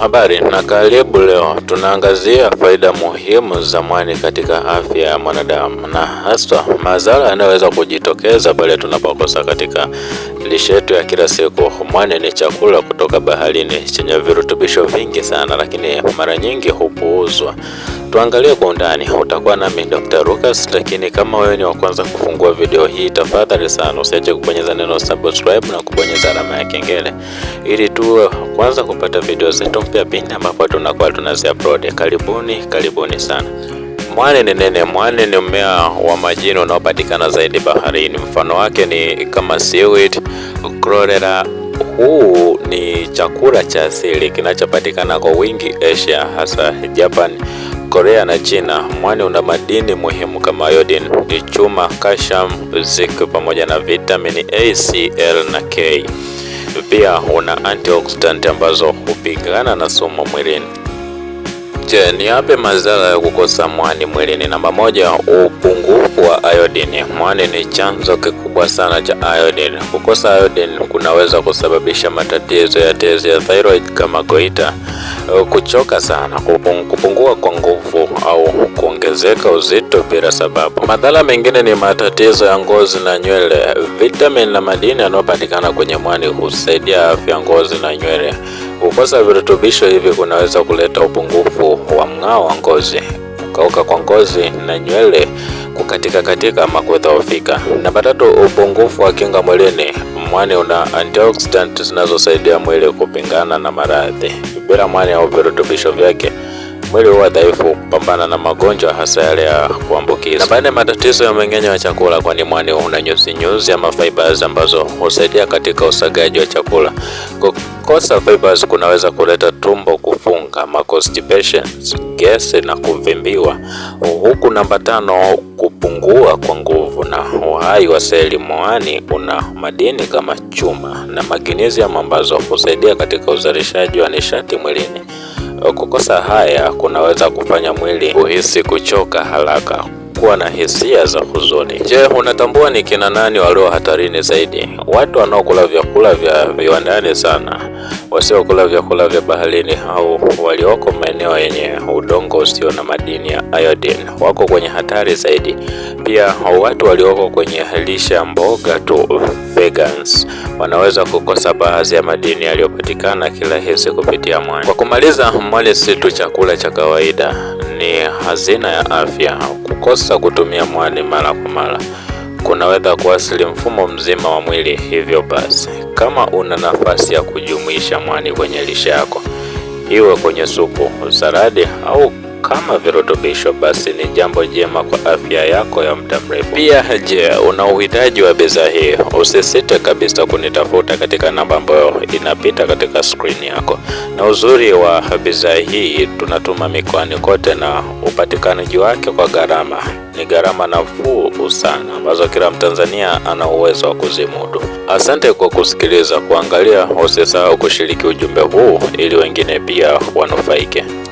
Habari na karibu. Leo tunaangazia faida muhimu za mwani katika afya ya mwanadamu na hasa madhara yanayoweza kujitokeza pale tunapokosa katika Lishe yetu ya kila siku mwani ni chakula kutoka baharini chenye virutubisho vingi sana, lakini mara nyingi hupuuzwa. Tuangalie kwa undani. Utakuwa nami Dr. Lucas, lakini kama wewe ni wa kwanza kufungua video hii, tafadhali sana usiache kubonyeza neno subscribe na kubonyeza alama ya kengele ili tu kwanza kupata video zetu mpya pindi ambapo tunakuwa tunazi upload. Karibuni, karibuni sana. Mwani ni nini? Mwani ni mmea wa majini unaopatikana zaidi baharini. Mfano wake ni kama seaweed, chlorella. Huu ni chakula cha asili kinachopatikana kwa wingi Asia, hasa Japan, Korea na China. Mwani una madini muhimu kama iodine, chuma, calcium, zinc pamoja na vitamini A, C, L na K. Pia una antioxidant ambazo hupigana na sumu mwilini. Je, ni yapi madhara ya kukosa mwani mwilini? Namba moja, upungufu wa iodine. Mwani ni chanzo kikubwa sana cha iodine. Kukosa iodine kunaweza kusababisha matatizo ya tezi ya thyroid kama goita, kuchoka sana, kupungua kwa nguvu au kuongezeka uzito bila sababu. Madhara mengine ni matatizo ya ngozi na nywele. Vitamini na madini yanayopatikana kwenye mwani husaidia afya ngozi na nywele. Kukosa virutubisho hivi kunaweza kuleta upungufu wa mng'ao wa ngozi, kukauka kwa ngozi na nywele kukatika katika ama kudhoofika. Namba tatu, upungufu wa kinga mwilini. Mwani una antioxidant zinazosaidia mwili kupingana na maradhi. Bila mwani au virutubisho vyake mwili huwa dhaifu kupambana na magonjwa hasa yale ya kuambukiza. Namba nne, matatizo ya mmeng'enyo wa chakula, kwani mwani una nyuzi nyuzi ama fibers ambazo husaidia katika usagaji wa chakula. Kukosa fibers kunaweza kuleta tumbo kufunga, constipation, gesi na kuvimbiwa, huku namba tano, kupungua kwa nguvu na uhai wa seli. Mwani una madini kama chuma na magnesium ambazo husaidia katika uzalishaji wa nishati mwilini. Kukosa haya kunaweza kufanya mwili kuhisi kuchoka haraka, kuwa na hisia za huzuni. Je, unatambua ni kina nani walio hatarini zaidi? Watu wanaokula vyakula vya viwandani sana, wasiokula vyakula vya baharini, au walioko maeneo yenye udongo usio na madini ya iodine wako kwenye hatari zaidi. Pia watu walioko kwenye lisha mboga tu vegans wanaweza kukosa baadhi ya madini yaliyopatikana kirahisi kupitia mwani. Kwa kumaliza, mwani si tu chakula cha kawaida, ni hazina ya afya. Kukosa kutumia mwani mara kwa mara kunaweza kuathiri mfumo mzima wa mwili. Hivyo basi, kama una nafasi ya kujumuisha mwani kwenye lishe yako, iwe kwenye supu, saladi au kama virutubisho, basi ni jambo jema kwa afya yako ya muda mrefu. Pia je, una uhitaji wa bidhaa hii? Usisite kabisa kunitafuta katika namba ambayo inapita katika skrini yako. Na uzuri wa bidhaa hii tunatuma mikoani kote, na upatikanaji wake kwa gharama ni gharama nafuu sana, ambazo kila Mtanzania ana uwezo wa kuzimudu. Asante kwa kusikiliza, kuangalia. Usisahau kushiriki ujumbe huu ili wengine pia wanufaike.